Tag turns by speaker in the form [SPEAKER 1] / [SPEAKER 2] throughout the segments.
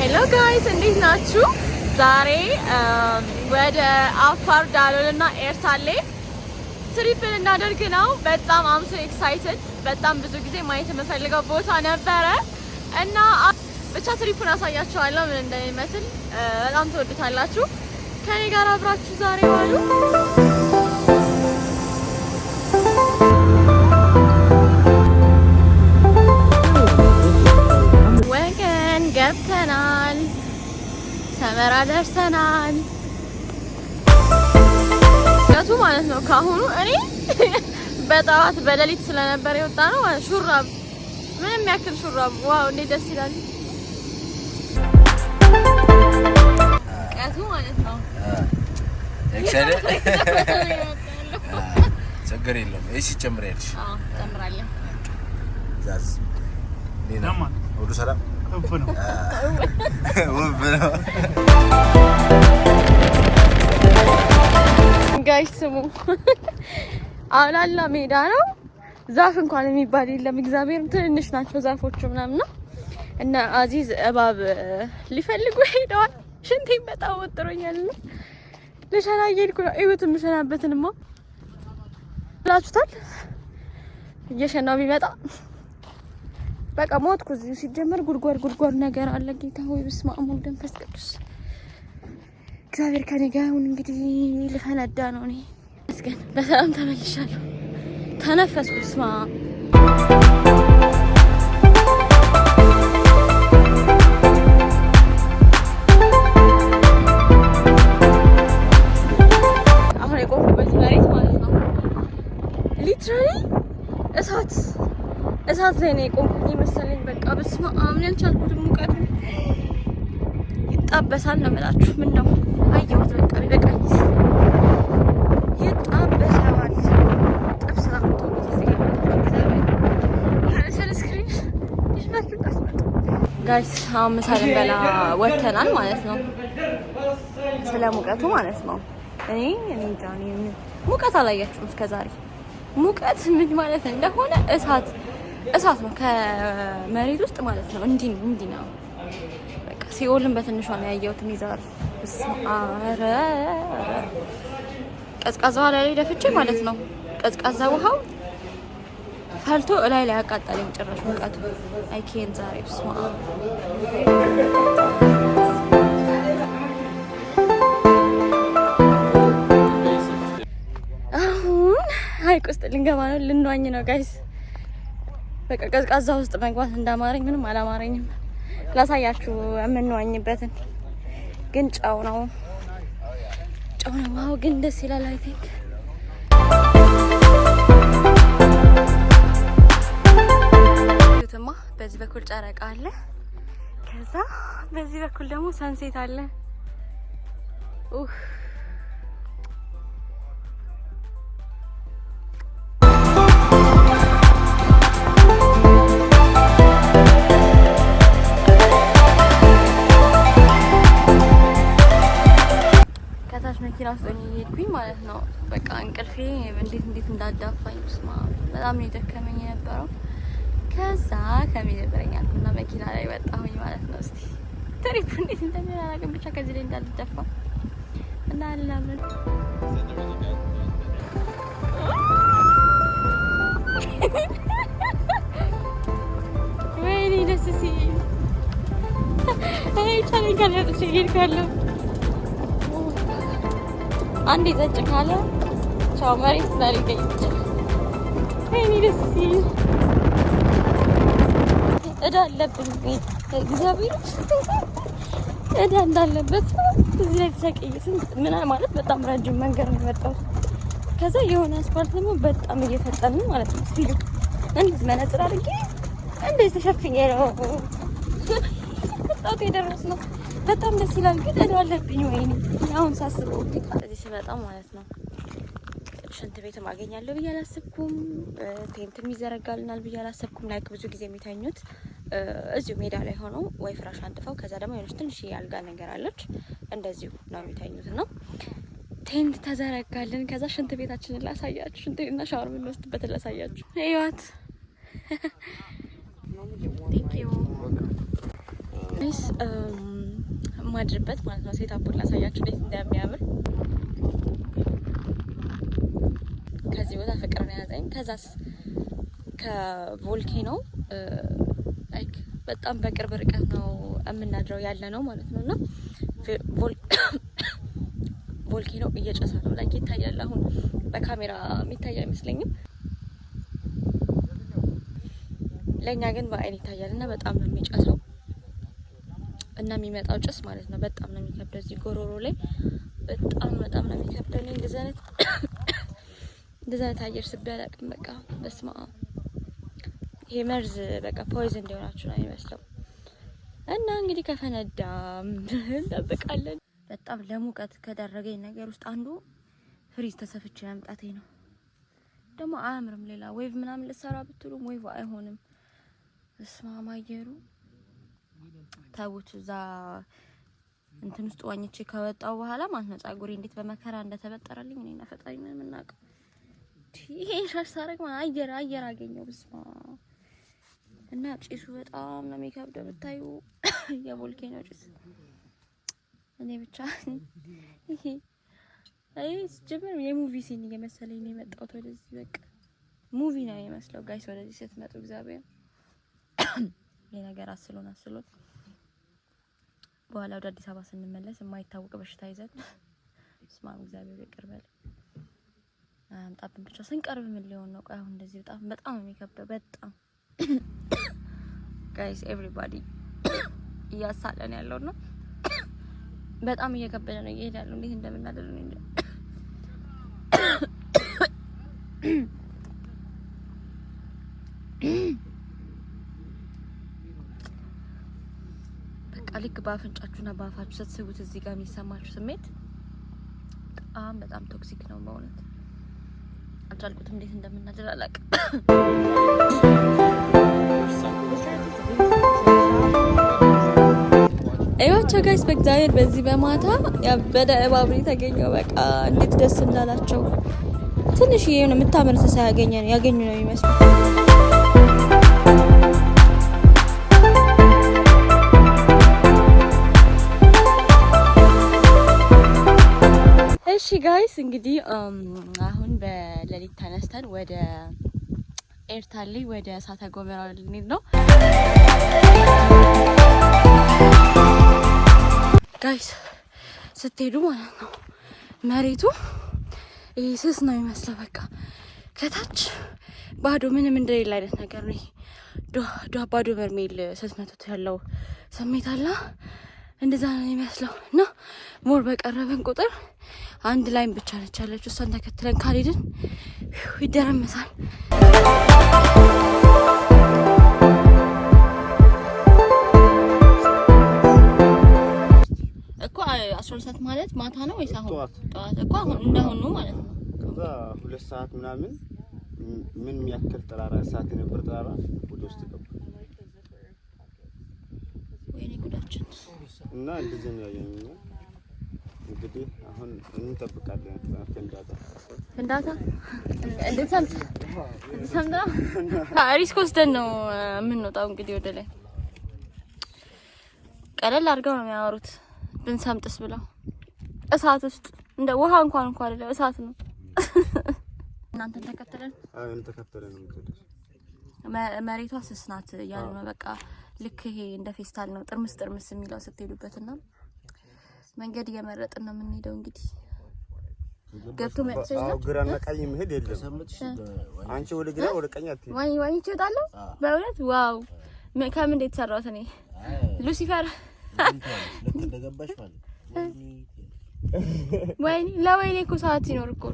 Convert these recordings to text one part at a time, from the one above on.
[SPEAKER 1] ሄሎ ጋይስ እንዴት ናችሁ? ዛሬ um, ወደ አፋር እና ኤርታሌ ትሪፕል እናደርግ ነው። በጣም አምሶ ኤክሳይትድ። በጣም ብዙ ጊዜ ማየት የምፈልገው ቦታ ነበረ እና ብቻ ትሪፑን አሳያችኋለሁ ምን እንደሚመስል። uh, በጣም ትወዱታላችሁ። ከኔ ጋር አብራችሁ ዛሬ ዋሉ። ደመራ ደርሰናል። ለቱ ማለት ነው ካሁኑ እኔ በጠዋት በሌሊት ስለነበረ የወጣ ነው ሹራብ ምንም ያክል ሹራብ ዋው እንዴት ደስ ይላል።
[SPEAKER 2] ችግር የለውም። ይህ ሲጨምር ያልሽ ሁሉ ሰላም
[SPEAKER 1] ጋይስ ስሙ አላላ ሜዳ ነው። ዛፍ እንኳን የሚባል የለም። እግዚአብሔር ትንንሽ ናቸው ዛፎቹ ምናምን እና አዚዝ እባብ ሊፈልጉ ሄደዋል። ሽንቴን በጣም ወጥሮኛል እና ልሸና እየሄድኩ ነው። እዩት የምሸናበትንማ ብላችሁታል። እየሸናው ቢመጣ በቃ ሞትኩ። እዚሁ ሲጀመር ጉድጓድ ጉድጓድ ነገር አለ። ጌታ ሆይ በስመ አብ ወወልድ ወመንፈስ ቅዱስ እግዚአብሔር ከኔ ጋር ይሁን። እንግዲህ ልፈነዳ ነው። እኔ መስገን በሰላም ተመልሻለሁ። ተነፈስኩ። በስመ አብ እሳት ላይ ነው የቆምኩኝ መሰለኝ። በቃ በስመ አብ ነው ያልቻልኩትም። ሙቀቱ ይጣበሳል ነው የምላችሁ። ምን ነው አየሁት። በቃ ቢበቃኝስ ይጣበሳል። ጥብስ ጋይስ ምሳ ልንበላ ወተናል ማለት ነው። ስለ ሙቀቱ ማለት ነው። እኔ እኔ ሙቀት አላያችሁም እስከዛሬ ሙቀት ምን ማለት እንደሆነ እሳት እሳት ነው ከመሬት ውስጥ ማለት ነው። እንዲህ ነው እንዲህ ነው። በቃ ሲኦልን በትንሿ ነው ያየሁት። ሚዛር ስማረ ቀዝቃዛ ውሃ ላይ ደፍቼ ማለት ነው። ቀዝቃዛ ውሃው ፈልቶ እላይ ላይ አቃጠለኝ። ጭራሽ ሙቀቱ ኬን ዛሬ ስማ ሀይቅ ውስጥ ልንገባ ነው። ልንዋኝ ነው ጋይስ በቃ ቀዝቃዛ ውስጥ መግባት እንዳማረኝ ምንም አላማረኝም። ላሳያችሁ የምንዋኝበትን ግን ጨው ነው ጨው ነው። ዋው ግን ደስ ይላል። አይ ቲንክ ትማ በዚህ በኩል ጨረቃ አለ፣ ከዛ በዚህ በኩል ደግሞ ሰንሴት አለ። ውስጥ እየሄድኩኝ ማለት ነው። በቃ እንቅልፌ እንዴት እንዴት እንዳዳፋኝ ስማ፣ በጣም ነው የደከመኝ የነበረው። ከዛ ከሚደብረኝ አልኩና መኪና ላይ ወጣሁኝ ማለት ነው። እስቲ ትሪፑ እንዴት እንደሚሆን ብቻ ከዚህ ላይ እንዳልደፋ እና አላምን ወይኔ ደስ ሲል ይቻለኝ ካልያጦች ሄድ ካለሁ አንድ ዘጭ ካለ ቻው መሬት ላይ ይችላል። እኔ ደስ ይል እዳ አለብኝ እግዚአብሔር እዳ እንዳለበት እዚህ ላይ ተቀይስን ምን ማለት በጣም ረጅም መንገድ ነው የመጣሁት። ከዛ የሆነ አስፓልት ደግሞ በጣም እየፈጠን ማለት ነው ስፒዱ እንዴት መነጽር አድርጌ እንዴት ተሸፍኜ ነው ነው። በጣም ደስ ይላል። ግን እኔ አለብኝ ወይ አሁን ሳስበው እዚህ ሲመጣ ማለት ነው ሽንት ቤት አገኛለሁ ብዬ አላሰብኩም። ቴንትም ይዘረጋልናል ብዬ አላሰብኩም። ላይክ ብዙ ጊዜ የሚተኙት እዚሁ ሜዳ ላይ ሆኖ ወይ ፍራሽ አንጥፈው ከዛ ደግሞ የሆነች ትንሽ ያልጋ ነገር አለች እንደዚሁ ነው የሚተኙት ነው። ቴንት ተዘረጋልን። ከዛ ሽንት ቤታችንን ላሳያችሁ፣ ሽንት ቤትና ሻወር የምንወስድበትን ላሳያችሁ። ህይወት ቴንኪዩ ማድርበት ማለት ነው። ሴት አፑን ላሳያችሁ እንዴት እንደሚያምር ከዚህ ቦታ ፍቅር ነው ያዘኝ። ከዛስ ከቮልኬኖ ላይክ በጣም በቅርብ ርቀት ነው የምናድረው ያለ ነው ማለት ነው እና ቮልኬኖ እየጨሰ ነው ላይክ ይታያል። አሁን በካሜራ የሚታይ አይመስለኝም ለእኛ ግን በአይን ይታያል እና በጣም ነው የሚጨሰው። እና የሚመጣው ጭስ ማለት ነው። በጣም ነው የሚከብደው። እዚህ ጎሮሮ ላይ በጣም በጣም ነው የሚከብደው። እኔ እንደዚህ አይነት እንደዚህ አይነት አየር ስቤ አላውቅም። በቃ በስማ ይሄ መርዝ በቃ ፖይዝን እንዲሆናችሁ ነው የሚመስለው። እና እንግዲህ ከፈነዳም እንጠብቃለን። በጣም ለሙቀት ከዳረገኝ ነገር ውስጥ አንዱ ፍሪዝ ተሰፍቼ መምጣቴ ነው። ደግሞ አያምርም። ሌላ ዌቭ ምናምን ልሰራ ብትሉም ዌቭ አይሆንም። እስማ ማየሩ ተውት። እዛ እንትን ውስጥ ዋኝቼ ከወጣው በኋላ ማለት ነው ጸጉሬ እንዴት በመከራ እንደተበጠረልኝ እኔና እና ፈጣሪ ምን የምናውቀው። ይሄን ሻሽ ሳረግ አየር አየር አገኘው ብስማ እና ጭሱ በጣም ነው የሚከብደው። ብታዩ የቮልኬኖ ጭስ እኔ ብቻ ይሄ አይ ጀምር የሙቪ ሲን እየመሰለኝ ነው የመጣሁት ወደዚህ። በቃ ሙቪ ነው የሚመስለው ጋይስ ወደዚህ ስትመጡ እግዚአብሔር ይሄ ነገር አስሎን አስሎት በኋላ ወደ አዲስ አበባ ስንመለስ የማይታወቅ በሽታ ይዘን ስማም እግዚአብሔር ይቅር በል አምጣብን። ብቻ ስንቀርብ ምን ሊሆን ነው? ቆይ አሁን እንደዚህ በጣም በጣም የሚከብደው በጣም ጋይስ ኤቭሪባዲ እያሳለን ያለው ነው። በጣም እየከበደ ነው እየሄድ ያለው እንዴት እንደምናደር ነው እንጂ ልክ በአፍንጫችሁና በአፋችሁ ስትስቡት እዚህ ጋር የሚሰማችሁ ስሜት በጣም በጣም ቶክሲክ ነው። በእውነት አልቻልኩትም። እንዴት እንደምናደር አላውቅም። እያቸው ጋይስ በእግዚአብሔር በዚህ በማታ ያበደ እባብ የተገኘው በቃ እንዴት ደስ እንዳላቸው ትንሽ የሆነ የምታምር ያገኘ ያገኙ ነው የሚመስለው ጋይስ እንግዲህ አሁን በሌሊት ተነስተን ወደ ኤርታሌ ወደ እሳተ ጎመራ ልንሄድ ነው ጋይስ። ስትሄዱ ማለት ነው መሬቱ ይህ ስስ ነው የሚመስለው በቃ ከታች ባዶ ምንም እንደሌለ አይነት ነገር ነው። ባዶ በርሜል ስትመቱት ያለው ስሜት አለ እንደዛ ነው የሚመስለው እና ሞር በቀረበን ቁጥር አንድ ላይም ብቻ ነች ያለችው። እሷን ተከትለን ካልሄድን ይደረመሳል። አስራ ሰዓት ማለት ማታ ነው ወይስ አሁን ጠዋት? እኮ አሁን ማለት ነው።
[SPEAKER 3] ከዛ ሁለት ሰዓት ምናምን ምን የሚያክል ጠራራ ሰዓት የነበር ጠራራ ወደ ውስጥ ገባ።
[SPEAKER 1] ወይኔ ጉዳችን
[SPEAKER 3] እና እንደዚህ ነው ያየነው እንግዲህ አሁን እንጠብቃለን። ፍንዳታ
[SPEAKER 1] ፍንዳታ እንዴት ሪስክ ወስደን ነው የምንወጣው። እንግዲህ ወደ ላይ ቀለል አድርገው ነው የሚያወሩት። ብንሰምጥስ ብለው እሳት ውስጥ እንደ ውሃ እንኳን እንኳን አይደለም እሳት ነው። እናንተን ተከተለን
[SPEAKER 3] አሁን ተከተለን
[SPEAKER 1] መሬቷ ስስ ናት ነው። በቃ ልክ ይሄ እንደ ፌስታል ነው ጥርምስ ጥርምስ የሚለው ስትሄዱበትና መንገድ እየመረጥን ነው የምንሄደው። እንግዲህ ገብቶ መጥቶ
[SPEAKER 3] ነው ግራና ቀኝ መሄድ የለም። አንቺ ወደ ግራ ወደ ቀኝ አትሄድ።
[SPEAKER 1] ወይ ወይ ይችላል። በእውነት ዋው! ከምን እንዴት ሰራሁት እኔ ሉሲፈር ወይኔ ለወይኔ እኮ ሰዓት ሲኖር እኮ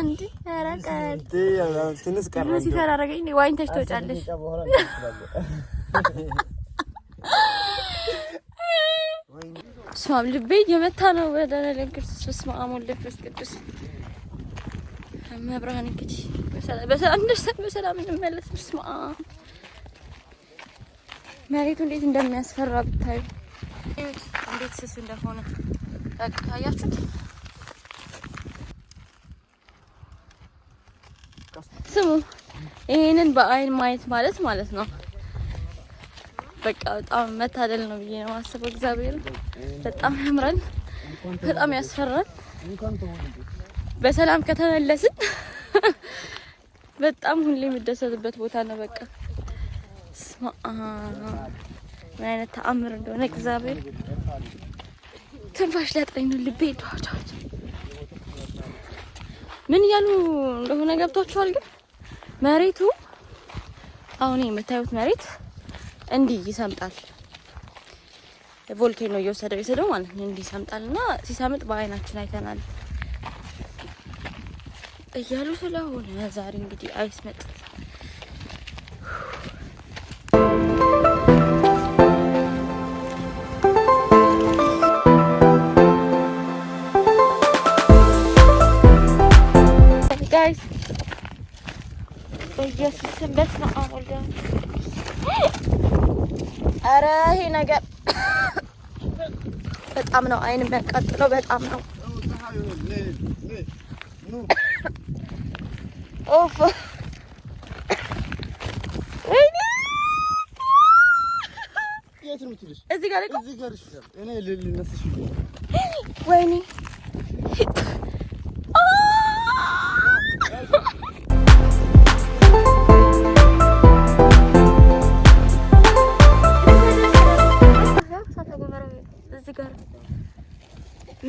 [SPEAKER 1] እንዴ! ኧረ
[SPEAKER 3] ቀን
[SPEAKER 1] ሉሲፈር አደረገኝ። ዋኝተሽ ጫለሽ ስማም ልቤ እየመታ ነው። በደረለ ክርስቶስ በስመ አብ ወወልድ ወመንፈስ ቅዱስ መብርሃን እንግዲህ በሰላም ደርሰን በሰላም እንመለስ። በስመ አብ መሬቱ እንዴት እንደሚያስፈራ ብታዩ እንዴት ስስ እንደሆነ በቃ ታያችሁት። ስሙ ይሄንን በአይን ማየት ማለት ማለት ነው በቃ በጣም መታደል ነው ብዬ ነው የማስበው እግዚአብሔር በጣም ያምራል፣ በጣም ያስፈራል። በሰላም ከተመለስን በጣም ሁሌ የሚደሰትበት ቦታ ነው። በቃ ምን አይነት ተአምር እንደሆነ እግዚአብሔር ትንፋሽ ሊያጥረኝ ነው ልቤ ዷዷች ምን እያሉ እንደሆነ ገብቷችኋል። ግን መሬቱ አሁን የምታዩት መሬት እንዲህ ይሰምጣል። ቮልኬኖ እየወሰደው ይሰደው ማለት ነው። እንዲህ ይሰምጣል እና ሲሰምጥ በአይናችን አይተናል እያሉ ስለሆነ ዛሬ እንግዲህ አይስመጥ ጋይስ በየሱስ ኧረ ይሄ ነገር በጣም ነው አይን የሚያቃጥለው። በጣም ነው ኦፍ እዚህ ጋር ወይኔ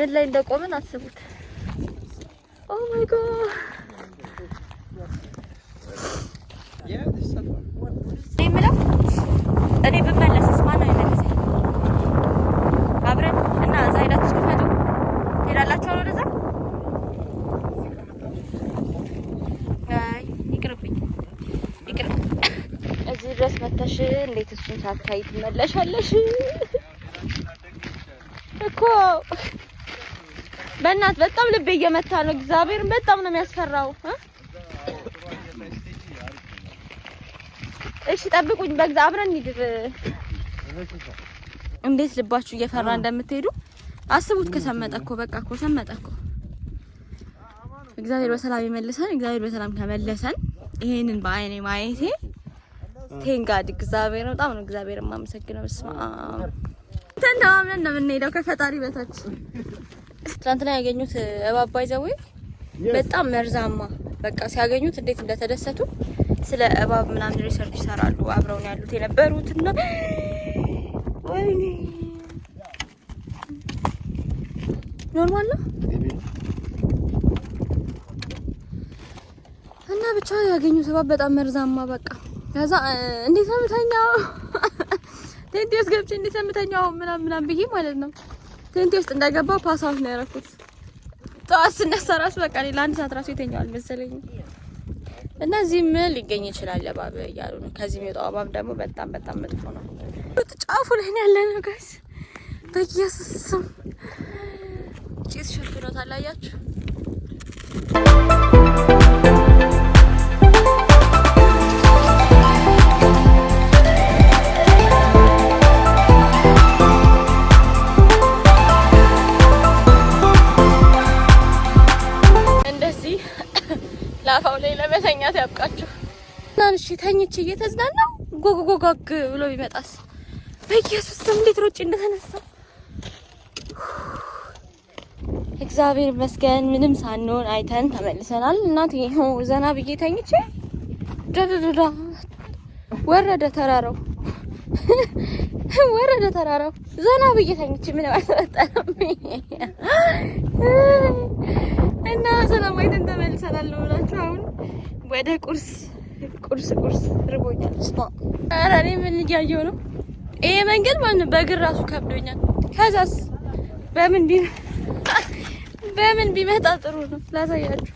[SPEAKER 1] ምን ላይ እንደቆምን አስቡት። ኦ ማይ ጋድ የምለው እኔ ብመለስስ ማነው አብረን እና እዛ ሄዳችሁ እስክትመጡ ትሄዳላችሁ ወደዛ። ድረስ መተሽ እንዴት እሱን ሳታይ ትመለሻለሽ እኮ በእናት በጣም ልቤ እየመታ ነው። እግዚአብሔርን በጣም ነው የሚያስፈራው። እሺ ጠብቁኝ፣ በግዛ አብረን እንሂድ። እንዴት ልባችሁ እየፈራ እንደምትሄዱ አስቡት። ከሰመጠ እኮ በቃ እኮ ሰመጠ እኮ። እግዚአብሔር በሰላም ይመልሰን። እግዚአብሔር በሰላም ከመለሰን ይሄንን በአይኔ ማየቴ ቴንጋድ እግዚአብሔር በጣም ነው እግዚአብሔር የማመሰግነው። በስመ አብ ተንተማምነን ነው የምንሄደው ከፈጣሪ በታች ትናንትና ያገኙት uh, እባብ ባይዘዌ በጣም መርዛማ በቃ ሲያገኙት እንዴት እንደተደሰቱ ስለ እባብ ምናምን ሪሰርች ይሰራሉ አብረውን ያሉት የነበሩት እና ወይኔ ኖርማል ነው እና ብቻ ያገኙት እባብ በጣም መርዛማ በቃ ከዛ uh, እንዴት ነው የምተኛው ውስጥ ገብቼ እንዴት ነው የምተኛው ምናምን ምናምን ብዬ ማለት ነው ቴንቴ ውስጥ እንዳይገባው ፓስዋርድ ነው ያደረኩት። ጠዋት ስነሳ ራሱ በቃ ሌላ አንድ ሰዓት ራሱ ይተኛዋል መሰለኝ እና እዚህ ምን ሊገኝ ይችላል እባብ እያሉ ነው። ከዚህ የሚወጣው እባብ ደግሞ በጣም በጣም መጥፎ ነው። ጫፉ ላይ ያለ ነው ጋይስ። በኢየሱስ ስም ጭስ ሽርክ ነው ታላያችሁ። እየተዝናናው ጎግጎጋግ ብሎ ቢመጣስ? በኢየሱስ ስም እንዴት ሮጬ እንደተነሳ እግዚአብሔር ይመስገን። ምንም ሳንሆን አይተን ተመልሰናል። እናት ይኸው ዘና ብዬ ተኝቼ ደደደዳ ወረደ ተራራው ወረደ ተራራው ዘና ብዬ ተኝቼ ምንም አልተፈጠረም እና ሰላም አይተን ተመልሰናል። ብላችሁ አሁን ወደ ቁርስ ቁርስ ቁርስ ርቦኛል። ኧረ እኔ ምን እያየሁ ነው? ይሄ መንገድ ማለት በእግር ራሱ ከብዶኛል። ከዛስ በምን በምን ቢመጣ ጥሩ ነው ላሳያችሁ።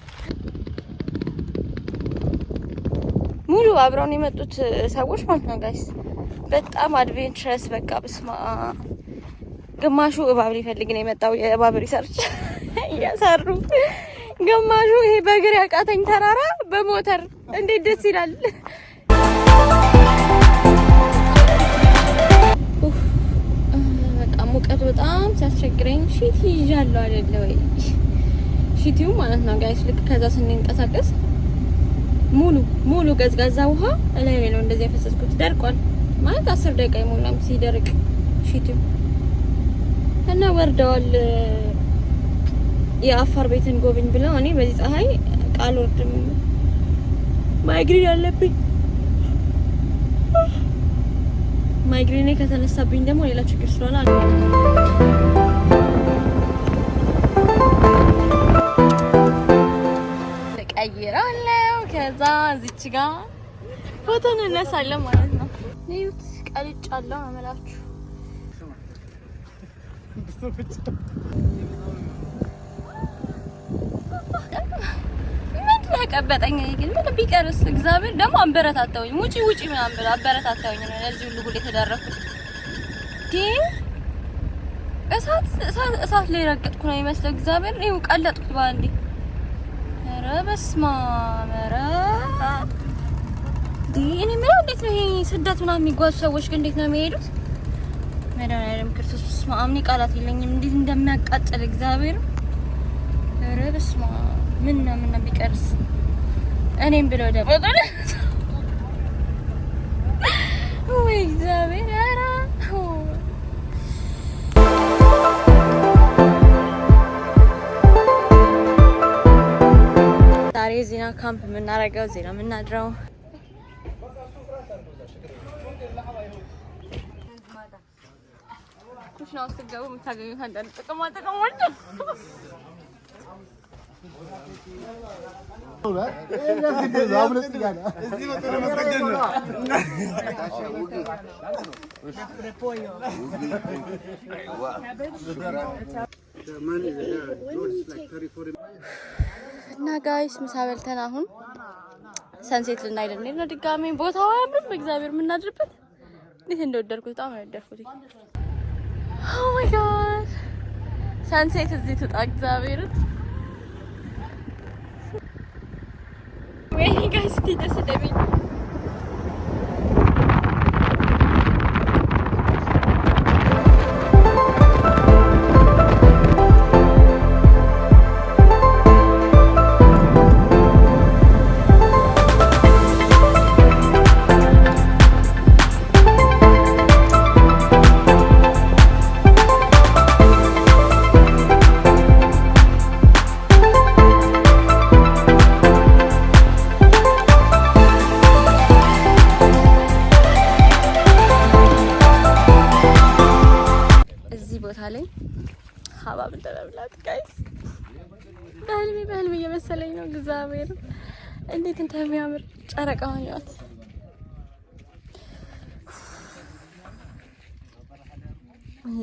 [SPEAKER 1] ሙሉ አብረውን የመጡት ሰዎች ማለት ነው ጋይስ፣ በጣም አድቬንቸረስ በቃ ብስማ ግማሹ እባብ ሊፈልግ ነው የመጣው። የእባብ ሪሰርች እያሰሩ ግማሹ ይሄ በእግር ያቃተኝ ተራራ በሞተር እንዴት ደስ ይላል። በቃ ሙቀት በጣም ሲያስቸግረኝ ሺቲ ይዣለሁ አይደለ ወይ? ሺቲው ማለት ነው ጋይስ። ልክ ከዛ ስንንቀሳቀስ ሙሉ ሙሉ ገዝጋዛ ውሃ ላይ ነው እንደዚህ የፈሰስኩት። ደርቋል ማለት አስር ደቂቃ ይሞላም ሲደርቅ ሺቲው እና ወርደዋል የአፋር ቤትን ጎብኝ ብለው እኔ በዚህ ፀሐይ ቃል ወርድም ማይግሪን አለብኝ። ማይግሪኔ ከተነሳብኝ ደግሞ ሌላ ችግር ስለሆነ አለ ቀይራለው። ከዛ እዚች ጋር ፎቶ እንነሳለን ማለት ነው። ኒውት ቀልጫለሁ አመላችሁ አላውቅም። ምን ያቀበጠኝ ግን ምን ቢቀርስ እግዚአብሔር ደግሞ አንበረታታውኝ። ውጪ ውጪ ምናምን ብለው አንበረታታውኝ ነው ለዚህ ሁሉ ጉድ የተዳረኩት። እሳት እሳት ላይ ረገጥኩ ነው የሚመስለው። እግዚአብሔር ይኸው ቀለጥኩት ባንዴ። ኧረ በስመ አብ! ኧረ እኔ እንዴት ነው ይሄ ስደት ምናምን የሚጓዙ ሰዎች ግን እንዴት ነው የሚሄዱት? መድኃኒዓለም ክርስቶስ በስመ አብ! እኔ ቃላት የለኝም እንዴት እንደሚያቃጥል እግዚአብሔር። ኧረ በስመ አብ ምን ነው ምን ነው ቢቀርስ እኔም ብለው ደግሞ ወይ እግዚአብሔር ኧረ ዛሬ ዜና ካምፕ የምናደርገው ዜና የምናድረው ኩሽና ውስጥ ገቡ የምታገኙት አንዳንድ ጥቅማ ጥቅሞች እና ጋይስ ምሳ በልተን አሁን ሰንሴት ልናይ ልንሄድ ነው። ድጋሜ ቦታው አያምርም። በእግዚአብሔር የምናድርበት እንዴት እንደወደድኩት በጣም ወደድኩት። ሰንሴት oh እዚህ ትጣ እግዚአብሔርን We're heading guys dito sa David.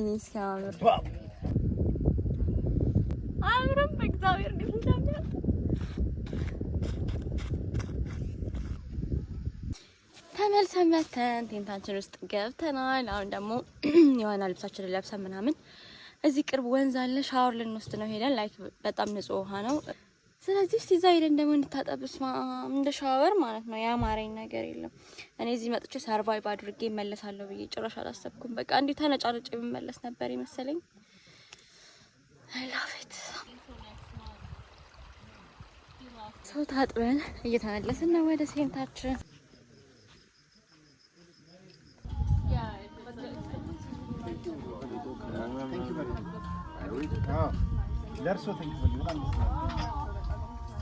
[SPEAKER 1] ይሄኔ ሲያምር አምርም በእግዚአብሔር ግን እንደሚያምር ተመልሰን መተን ቴንታችን ውስጥ ገብተናል። አሁን ደግሞ የሆነ ልብሳችን ለብሰን ምናምን እዚህ ቅርብ ወንዝ አለ ሻወር ልንወስድ ነው ሄደን። ላይክ በጣም ንጹህ ውሃ ነው። ስለዚህ እስቲ እዛ ሄደን ደግሞ እንድታጠብስ እንደ ሻወር ማለት ነው። ያማረኝ ነገር የለም። እኔ እዚህ መጥቼ ሰርቫይቭ አድርጌ እመለሳለሁ ብዬ ጭራሽ አላሰብኩም። በቃ እንዴ ተነጫነጭ የምመለስ ነበር ይመስለኝ። አይ ላቭ ኢት። ሰው ታጥበን እየተመለስን ነው ወደ ሴንታችን። ለእርሶ ተንክ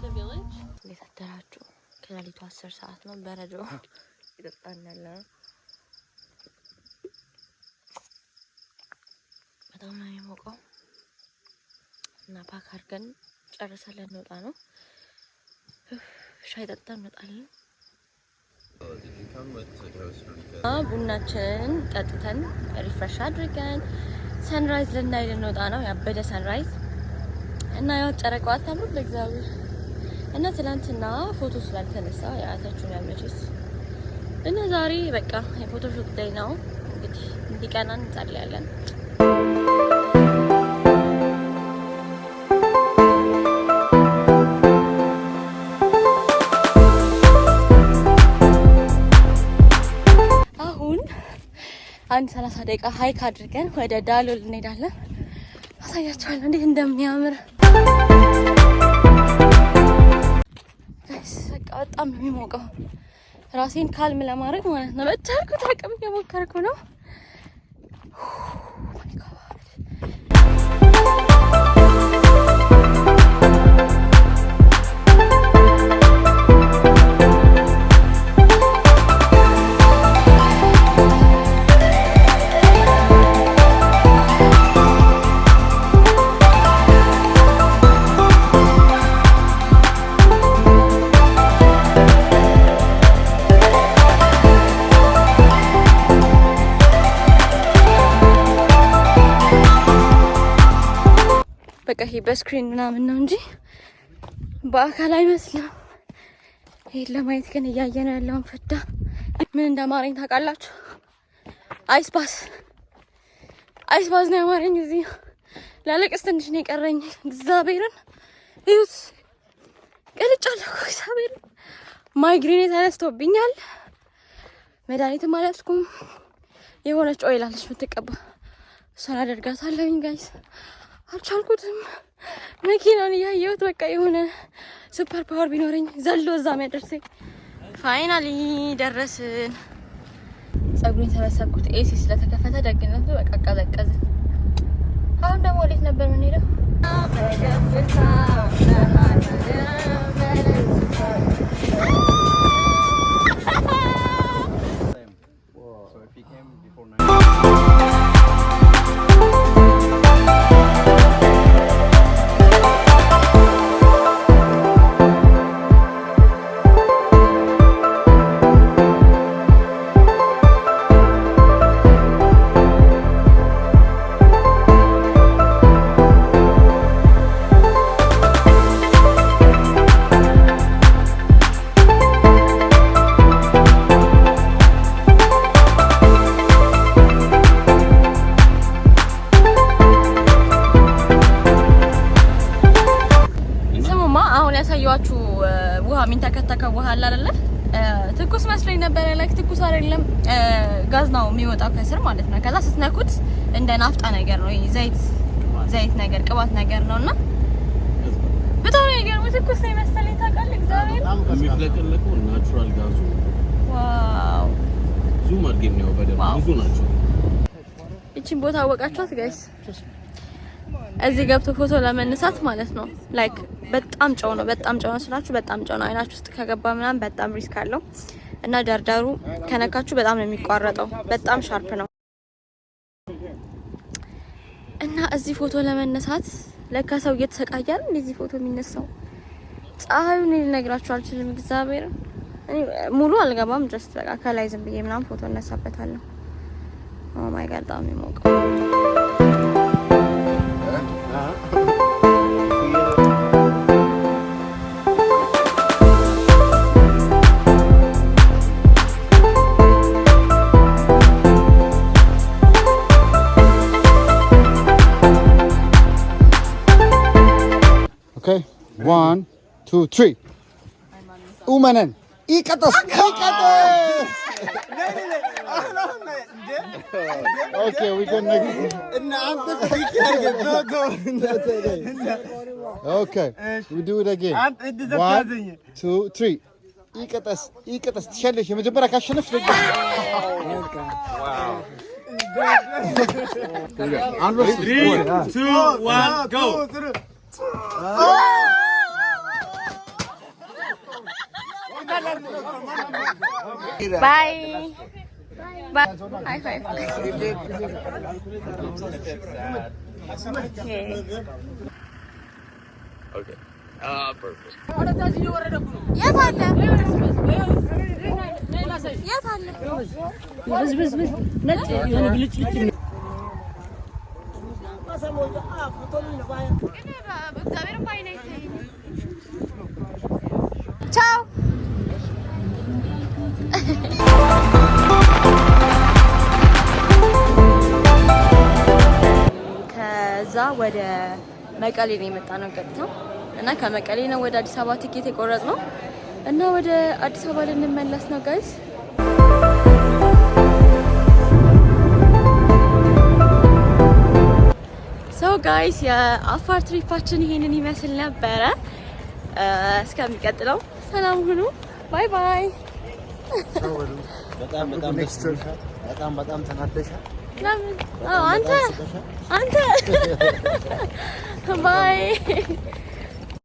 [SPEAKER 1] እንዴት አደራችሁ? ከሌሊቱ አስር ሰዓት ነው። በረዶ እየጠጣን ያለ ነው። በጣም ነው የሚሞቀው እና ፓክ አድርገን ጨርሰን ልንወጣ ነው። ሻይ ጠጣን እንወጣለን። ቡናችንን ጠጥተን ሪፍሬሽ አድርገን ሰንራይዝ ልናይ ልንወጣ ነው። ያበደ ሰንራይዝ እና ያው ጨረቃው አታምሩ በእግዚአብሔር እና ትላንትና ፎቶ ስላልተነሳ የአያታችሁን ያልመችስ እና ዛሬ በቃ የፎቶሾፕ ላይ ነው እንግዲህ እንዲቀና እንጸልያለን። አሁን አንድ ሰላሳ ደቂቃ ሀይክ አድርገን ወደ ዳሎል እንሄዳለን። አሳያችኋለሁ እንዴት እንደሚያምር በጣም የሚሞቀው። ራሴን ካልም ለማድረግ ማለት ነው በቻልኩት አቅም እየሞከርኩ ነው። በቃ ይሄ በስክሪን ምናምን ነው እንጂ በአካል አይመስልም። ይሄን ለማየት ግን እያየ ነው ያለውን ፈዳ ምን እንደማረኝ ታውቃላችሁ? አይስባስ አይስፓስ ነው ያማረኝ። እዚህ ላለቅስ ትንሽ ነው የቀረኝ። እግዚአብሔርን እዩት፣ ቀልጫለሁ። እግዚአብሔርን ማይግሬኔ ተነስቶብኛል። መድኃኒትም አልያዝኩም። የሆነች ኦይል አለች የምትቀባ እሷን አደርጋታለሁኝ ጋይስ አልቻልኩትም። መኪናን እያየሁት በቃ የሆነ ሱፐር ፓወር ቢኖረኝ ዘሎ እዛ የሚያደርሰኝ። ፋይናሊ ደረስን። ጸጉሬን ሰበሰብኩት ኤሲ ስለተከፈተ ደግነቱ በቃ ቀዘቀዘ። አሁን ደግሞ ወዴት ነበር የምንሄደው? ሄደው ነበረ። ላይክ ትኩስ አይደለም፣ ጋዝ ነው የሚወጣው ከስር ማለት ነው። ከዛ ስትነኩት እንደ ናፍጣ ነገር ነው፣ ዘይት ዘይት ነገር ቅባት ነገር ነው እና በጣም ነው የሚገርመው። ትኩስ ነው የመሰለኝ ታውቃለህ። እግዚአብሔር በጣም
[SPEAKER 3] የሚፍለቀለቀው ናቹራል ጋዙ
[SPEAKER 1] ዋው!
[SPEAKER 3] ዙም አድርጌ ነው በደንብ ብዙ ናቸው።
[SPEAKER 1] እቺን ቦታ አወቃችኋት ጋይስ? እዚህ ገብቶ ፎቶ ለመነሳት ማለት ነው። ላይክ በጣም ጨው ነው፣ በጣም ጨው ነው ስላችሁ፣ በጣም ጨው ነው። አይናችሁ ውስጥ ከገባ ምናምን በጣም ሪስክ አለው እና ዳርዳሩ ከነካችሁ በጣም ነው የሚቋረጠው። በጣም ሻርፕ ነው እና እዚህ ፎቶ ለመነሳት ለካ ሰው እየተሰቃያል እንደዚህ ፎቶ የሚነሳው ፀሐዩ ልነግራችሁ አልችልም። እግዚአብሔር ሙሉ አልገባም። ጀስት በቃ ከላይ ዝም ብዬ ምናምን ፎቶ እነሳበታለሁ። ኦ ማይ ጋድ በጣም ይሞቀው
[SPEAKER 4] One, two, three. 우마는 Okay, we can make it. Okay, we do it again. One, two, three. 이 까토스. 이 까토스. 샬리시 መጀመሪያ
[SPEAKER 5] Three, two, one, go.
[SPEAKER 1] Bye bye hi fi
[SPEAKER 5] Okay. Ah, perfect.
[SPEAKER 1] Yes, Yes, بس بس بس نت انا قلت لك ወደ መቀሌ ነው የመጣ ነው ቀጥታ እና ከመቀሌ ነው ወደ አዲስ አበባ ትኬት የቆረጥ ነው እና ወደ አዲስ አበባ ልንመለስ ነው ጋይስ። ሰው ጋይስ የአፋር ትሪፓችን ይሄንን ይመስል ነበረ። እስከሚቀጥለው ሰላም ሁኑ። ባይ ባይ። በጣም በጣም በጣም በጣም ተናደሻል። 그럼 어, 안 타. 안 타. 바이.